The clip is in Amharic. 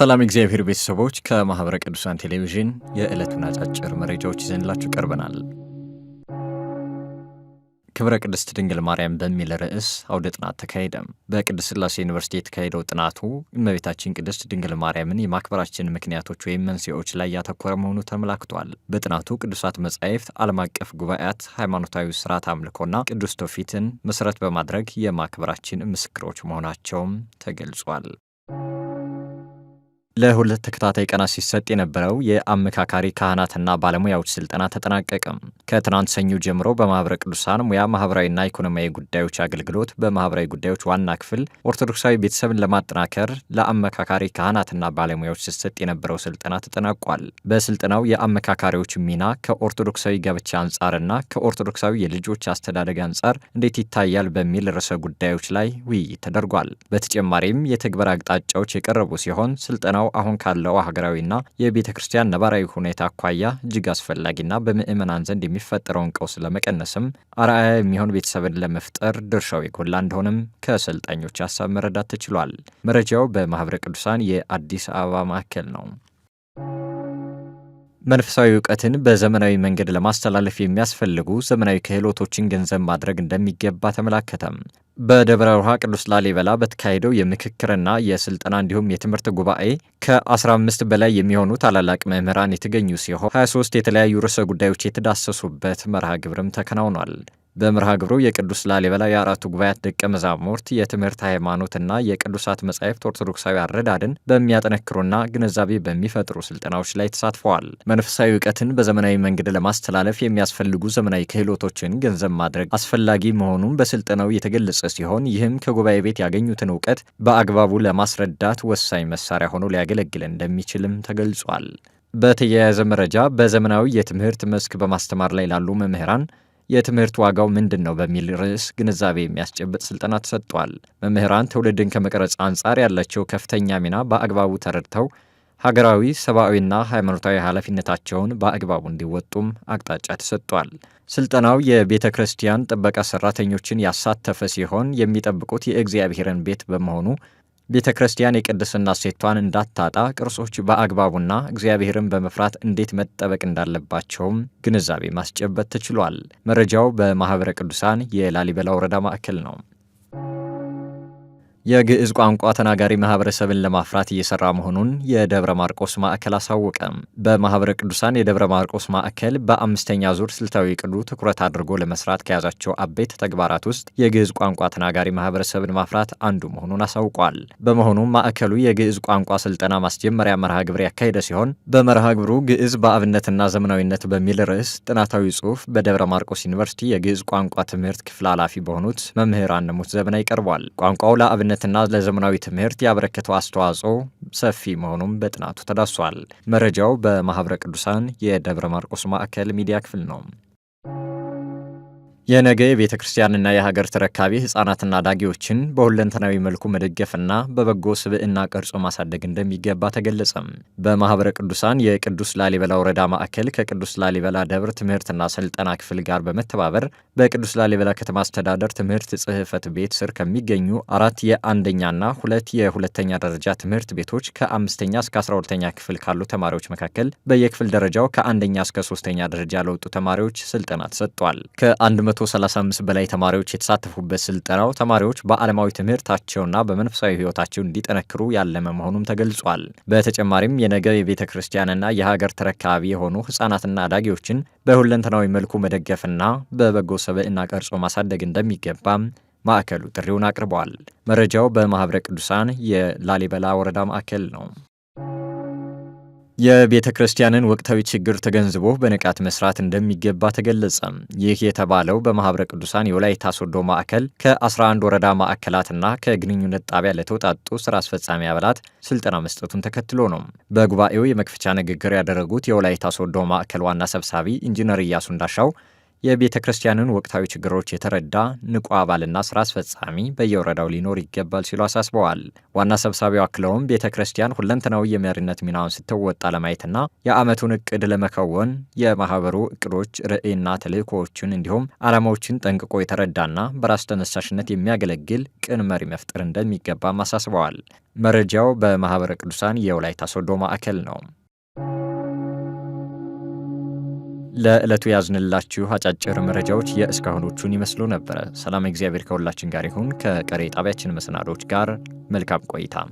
ሰላም እግዚአብሔር ቤተሰቦች፣ ከማኅበረ ቅዱሳን ቴሌቪዥን የዕለቱን አጫጭር መረጃዎች ይዘንላችሁ ቀርበናል። ክብረ ቅድስት ድንግል ማርያም በሚል ርዕስ አውደ ጥናት ተካሄደ። በቅድስት ሥላሴ ዩኒቨርሲቲ የተካሄደው ጥናቱ እመቤታችን ቅድስት ድንግል ማርያምን የማክበራችን ምክንያቶች ወይም መንስኤዎች ላይ ያተኮረ መሆኑ ተመላክቷል። በጥናቱ ቅዱሳት መጻሕፍት፣ ዓለም አቀፍ ጉባኤያት፣ ሃይማኖታዊ ስርዓት አምልኮና ቅዱስ ትውፊትን መሠረት በማድረግ የማክበራችን ምስክሮች መሆናቸውም ተገልጿል። ለሁለት ተከታታይ ቀናት ሲሰጥ የነበረው የአመካካሪ ካህናትና ባለሙያዎች ስልጠና ተጠናቀቀም። ከትናንት ሰኞ ጀምሮ በማኅበረ ቅዱሳን ሙያ ማኅበራዊና ኢኮኖሚያዊ ጉዳዮች አገልግሎት በማህበራዊ ጉዳዮች ዋና ክፍል ኦርቶዶክሳዊ ቤተሰብን ለማጠናከር ለአመካካሪ ካህናትና ባለሙያዎች ሲሰጥ የነበረው ስልጠና ተጠናቋል። በስልጠናው የአመካካሪዎች ሚና ከኦርቶዶክሳዊ ጋብቻ አንጻርና ከኦርቶዶክሳዊ የልጆች አስተዳደግ አንጻር እንዴት ይታያል በሚል ርዕሰ ጉዳዮች ላይ ውይይት ተደርጓል። በተጨማሪም የተግበር አቅጣጫዎች የቀረቡ ሲሆን ስልጠናው ቀጠናው አሁን ካለው ሀገራዊና የቤተ ክርስቲያን ነባራዊ ሁኔታ አኳያ እጅግ አስፈላጊና በምእመናን ዘንድ የሚፈጠረውን ቀውስ ለመቀነስም አርአያ የሚሆን ቤተሰብን ለመፍጠር ድርሻው የጎላ እንደሆነም ከሰልጣኞች ሀሳብ መረዳት ተችሏል። መረጃው በማኅበረ ቅዱሳን የአዲስ አበባ ማዕከል ነው። መንፈሳዊ እውቀትን በዘመናዊ መንገድ ለማስተላለፍ የሚያስፈልጉ ዘመናዊ ክህሎቶችን ገንዘብ ማድረግ እንደሚገባ ተመላከተም። በደብረ ውሃ ቅዱስ ላሊበላ በተካሄደው የምክክርና የስልጠና እንዲሁም የትምህርት ጉባኤ ከ15 በላይ የሚሆኑ ታላላቅ መምህራን የተገኙ ሲሆን 23 የተለያዩ ርዕሰ ጉዳዮች የተዳሰሱበት መርሃ ግብርም ተከናውኗል። በመርሃ ግብሩ የቅዱስ ላሊበላ የአራቱ ጉባኤያት ደቀ መዛሙርት የትምህርት ሃይማኖትና የቅዱሳት መጻሕፍት ኦርቶዶክሳዊ አረዳድን በሚያጠነክሩና ግንዛቤ በሚፈጥሩ ስልጠናዎች ላይ ተሳትፈዋል። መንፈሳዊ እውቀትን በዘመናዊ መንገድ ለማስተላለፍ የሚያስፈልጉ ዘመናዊ ክህሎቶችን ገንዘብ ማድረግ አስፈላጊ መሆኑን በስልጠናው የተገለጸ ሲሆን ይህም ከጉባኤ ቤት ያገኙትን እውቀት በአግባቡ ለማስረዳት ወሳኝ መሳሪያ ሆኖ ሊያገለግል እንደሚችልም ተገልጿል። በተያያዘ መረጃ በዘመናዊ የትምህርት መስክ በማስተማር ላይ ላሉ መምህራን የትምህርት ዋጋው ምንድን ነው በሚል ርዕስ ግንዛቤ የሚያስጨብጥ ስልጠና ተሰጥቷል። መምህራን ትውልድን ከመቅረጽ አንጻር ያላቸው ከፍተኛ ሚና በአግባቡ ተረድተው ሀገራዊ ሰብአዊና ሃይማኖታዊ ኃላፊነታቸውን በአግባቡ እንዲወጡም አቅጣጫ ተሰጥቷል። ስልጠናው የቤተ ክርስቲያን ጥበቃ ሰራተኞችን ያሳተፈ ሲሆን የሚጠብቁት የእግዚአብሔርን ቤት በመሆኑ ቤተ ክርስቲያን የቅድስና ሴቷን እንዳታጣ ቅርሶች በአግባቡና እግዚአብሔርን በመፍራት እንዴት መጠበቅ እንዳለባቸውም ግንዛቤ ማስጨበጥ ተችሏል። መረጃው በማኅበረ ቅዱሳን የላሊበላ ወረዳ ማዕከል ነው። የግዕዝ ቋንቋ ተናጋሪ ማህበረሰብን ለማፍራት እየሰራ መሆኑን የደብረ ማርቆስ ማዕከል አሳወቀ። በማህበረ ቅዱሳን የደብረ ማርቆስ ማዕከል በአምስተኛ ዙር ስልታዊ ቅዱ ትኩረት አድርጎ ለመስራት ከያዛቸው አበይት ተግባራት ውስጥ የግዕዝ ቋንቋ ተናጋሪ ማህበረሰብን ማፍራት አንዱ መሆኑን አሳውቋል። በመሆኑም ማዕከሉ የግዕዝ ቋንቋ ስልጠና ማስጀመሪያ መርሃ ግብር ያካሄደ ሲሆን በመርሃ ግብሩ ግዕዝ በአብነትና ዘመናዊነት በሚል ርዕስ ጥናታዊ ጽሑፍ በደብረ ማርቆስ ዩኒቨርሲቲ የግዕዝ ቋንቋ ትምህርት ክፍል ኃላፊ በሆኑት መምህር አንሙት ዘመና ይቀርቧል። ቋንቋው ለአብነት እድገትና ለዘመናዊ ትምህርት ያበረከተው አስተዋጽኦ ሰፊ መሆኑም በጥናቱ ተዳስሷል። መረጃው በማኅበረ ቅዱሳን የደብረ ማርቆስ ማዕከል ሚዲያ ክፍል ነው። የነገ የቤተ ክርስቲያንና የሀገር ተረካቢ ህጻናትና ዳጊዎችን በሁለንተናዊ መልኩ መደገፍና በበጎ ስብዕና ቀርጾ ማሳደግ እንደሚገባ ተገለጸም። በማኅበረ ቅዱሳን የቅዱስ ላሊበላ ወረዳ ማዕከል ከቅዱስ ላሊበላ ደብር ትምህርትና ስልጠና ክፍል ጋር በመተባበር በቅዱስ ላሊበላ ከተማ አስተዳደር ትምህርት ጽህፈት ቤት ስር ከሚገኙ አራት የአንደኛና ሁለት የሁለተኛ ደረጃ ትምህርት ቤቶች ከአምስተኛ እስከ አስራ ሁለተኛ ክፍል ካሉ ተማሪዎች መካከል በየክፍል ደረጃው ከአንደኛ እስከ ሶስተኛ ደረጃ ለወጡ ተማሪዎች ስልጠና ተሰጥቷል። ከአንድ መቶ ከ135 በላይ ተማሪዎች የተሳተፉበት ስልጠናው ተማሪዎች በዓለማዊ ትምህርታቸውና በመንፈሳዊ ሕይወታቸው እንዲጠነክሩ ያለመ መሆኑም ተገልጿል። በተጨማሪም የነገ የቤተ ክርስቲያንና የሀገር ተረካቢ የሆኑ ሕጻናትና አዳጊዎችን በሁለንተናዊ መልኩ መደገፍና በበጎ ሰብዕና ቀርጾ ማሳደግ እንደሚገባም ማዕከሉ ጥሪውን አቅርበዋል። መረጃው በማኅበረ ቅዱሳን የላሊበላ ወረዳ ማዕከል ነው። የቤተ ክርስቲያንን ወቅታዊ ችግር ተገንዝቦ በንቃት መስራት እንደሚገባ ተገለጸ። ይህ የተባለው በማኅበረ ቅዱሳን የወላይታ ሶዶ ማዕከል ከ11 ወረዳ ማዕከላትና ከግንኙነት ጣቢያ ለተውጣጡ ሥራ አስፈጻሚ አባላት ስልጠና መስጠቱን ተከትሎ ነው። በጉባኤው የመክፈቻ ንግግር ያደረጉት የወላይታ ሶዶ ማዕከል ዋና ሰብሳቢ ኢንጂነር እያሱ እንዳሻው የቤተ ክርስቲያንን ወቅታዊ ችግሮች የተረዳ ንቁ አባልና ስራ አስፈጻሚ በየወረዳው ሊኖር ይገባል ሲሉ አሳስበዋል። ዋና ሰብሳቢው አክለውም ቤተ ክርስቲያን ሁለንተናዊ የመሪነት ሚናውን ስትወጣ ለማየትና የዓመቱን እቅድ ለመከወን የማህበሩ እቅዶች ርዕይና ተልእኮዎችን እንዲሁም ዓላማዎችን ጠንቅቆ የተረዳና በራስ ተነሳሽነት የሚያገለግል ቅን መሪ መፍጠር እንደሚገባም አሳስበዋል። መረጃው በማህበረ ቅዱሳን የወላይታ ሶዶ ማዕከል ነው። ለዕለቱ ያዝንላችሁ አጫጭር መረጃዎች የእስካሁኖቹን ይመስሉ ነበረ። ሰላም እግዚአብሔር ከሁላችን ጋር ይሁን። ከቀሬ ጣቢያችን መሰናዶች ጋር መልካም ቆይታ